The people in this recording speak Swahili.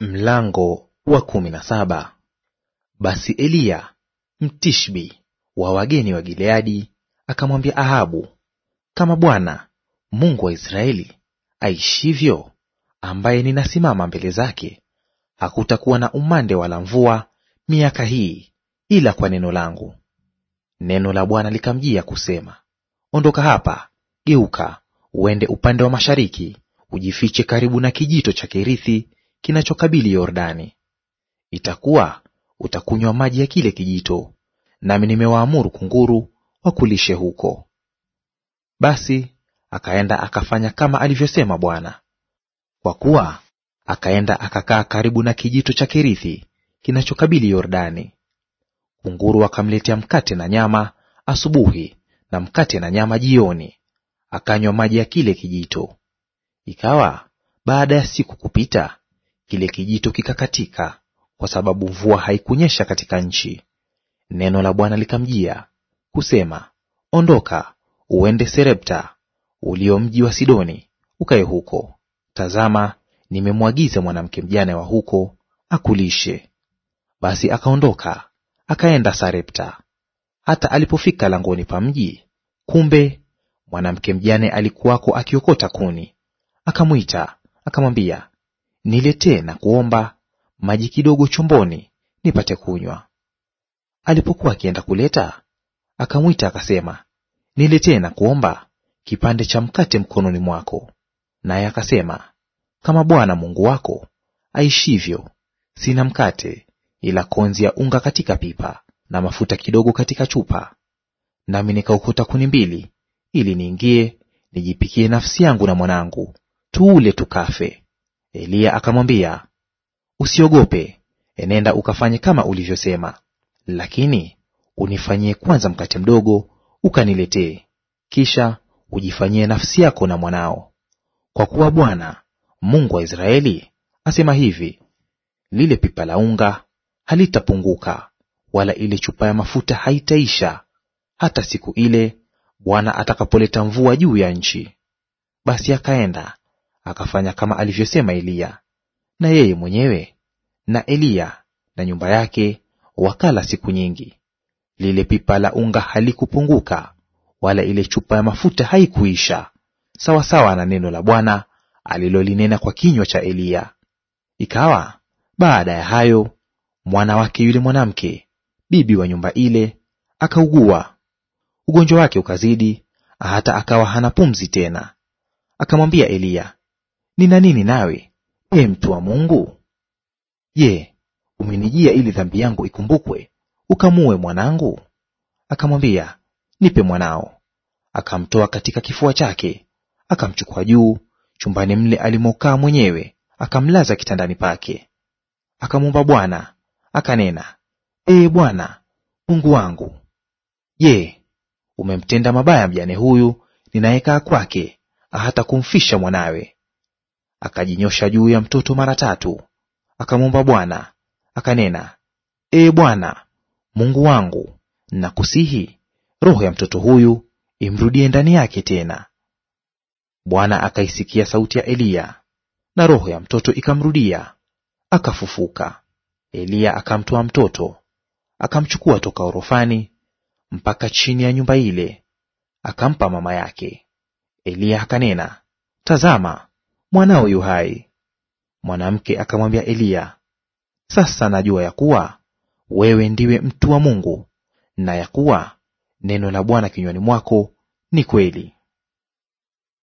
Mlango wa kumi na saba. Basi Eliya Mtishbi wa wageni wa Gileadi akamwambia Ahabu, kama Bwana Mungu wa Israeli aishivyo, ambaye ninasimama mbele zake, hakutakuwa na umande wala mvua miaka hii, ila kwa neno langu. Neno la Bwana likamjia kusema, ondoka hapa, geuka uende upande wa mashariki, ujifiche karibu na kijito cha Kerithi kinachokabili Yordani. Itakuwa utakunywa maji ya kile kijito, nami nimewaamuru kunguru wakulishe huko. Basi akaenda akafanya kama alivyosema Bwana, kwa kuwa akaenda akakaa karibu na kijito cha Kerithi kinachokabili Yordani. Kunguru akamletea mkate na nyama asubuhi na mkate na nyama jioni, akanywa maji ya kile kijito. Ikawa baada ya siku kupita, kile kijito kikakatika, kwa sababu mvua haikunyesha katika nchi. Neno la Bwana likamjia kusema, Ondoka uende Serepta ulio mji wa Sidoni, ukae huko. Tazama, nimemwagiza mwanamke mjane wa huko akulishe. Basi akaondoka akaenda Sarepta. Hata alipofika langoni pa mji, kumbe mwanamke mjane alikuwako akiokota kuni. Akamwita akamwambia, niletee na kuomba maji kidogo chomboni nipate kunywa. Alipokuwa akienda kuleta, akamwita akasema, niletee na kuomba kipande cha mkate mkononi mwako. Naye akasema, kama Bwana Mungu wako aishivyo, sina mkate ila konzi ya unga katika pipa na mafuta kidogo katika chupa. Nami nikaokota kuni mbili, ili niingie nijipikie nafsi yangu na mwanangu, tuule tukafe. Eliya akamwambia, usiogope, enenda ukafanye kama ulivyosema, lakini unifanyie kwanza mkate mdogo ukaniletee, kisha ujifanyie nafsi yako na mwanao, kwa kuwa Bwana Mungu wa Israeli asema hivi, lile pipa la unga halitapunguka wala ile chupa ya mafuta haitaisha hata siku ile Bwana atakapoleta mvua juu ya nchi. Basi akaenda akafanya kama alivyosema Eliya. Na yeye mwenyewe na Eliya na nyumba yake wakala siku nyingi. Lile pipa la unga halikupunguka, wala ile chupa ya mafuta haikuisha, sawasawa na neno la Bwana alilolinena kwa kinywa cha Eliya. Ikawa baada ya hayo, mwana wake yule mwanamke bibi wa nyumba ile akaugua, ugonjwa wake ukazidi hata akawa hana pumzi tena. Akamwambia Eliya, nina nini nawe, e mtu wa Mungu? Je, umenijia ili dhambi yangu ikumbukwe, ukamue mwanangu? Akamwambia, nipe mwanao. Akamtoa katika kifua chake, akamchukua juu chumbani mle alimokaa mwenyewe, akamlaza kitandani pake. Akamwomba Bwana akanena, Ee Bwana Mungu wangu, je, umemtenda mabaya mjane huyu ninayekaa kwake, hata kumfisha mwanawe? akajinyosha juu ya mtoto mara tatu, akamwomba Bwana akanena, Ee Bwana Mungu wangu, nakusihi roho ya mtoto huyu imrudie ndani yake tena. Bwana akaisikia sauti ya Eliya, na roho ya mtoto ikamrudia, akafufuka. Eliya akamtoa mtoto, akamchukua toka orofani mpaka chini ya nyumba ile, akampa mama yake. Eliya akanena, Tazama, mwanao yu hai. Mwanamke akamwambia Eliya, sasa najua ya kuwa wewe ndiwe mtu wa Mungu, na ya kuwa neno la Bwana kinywani mwako ni kweli.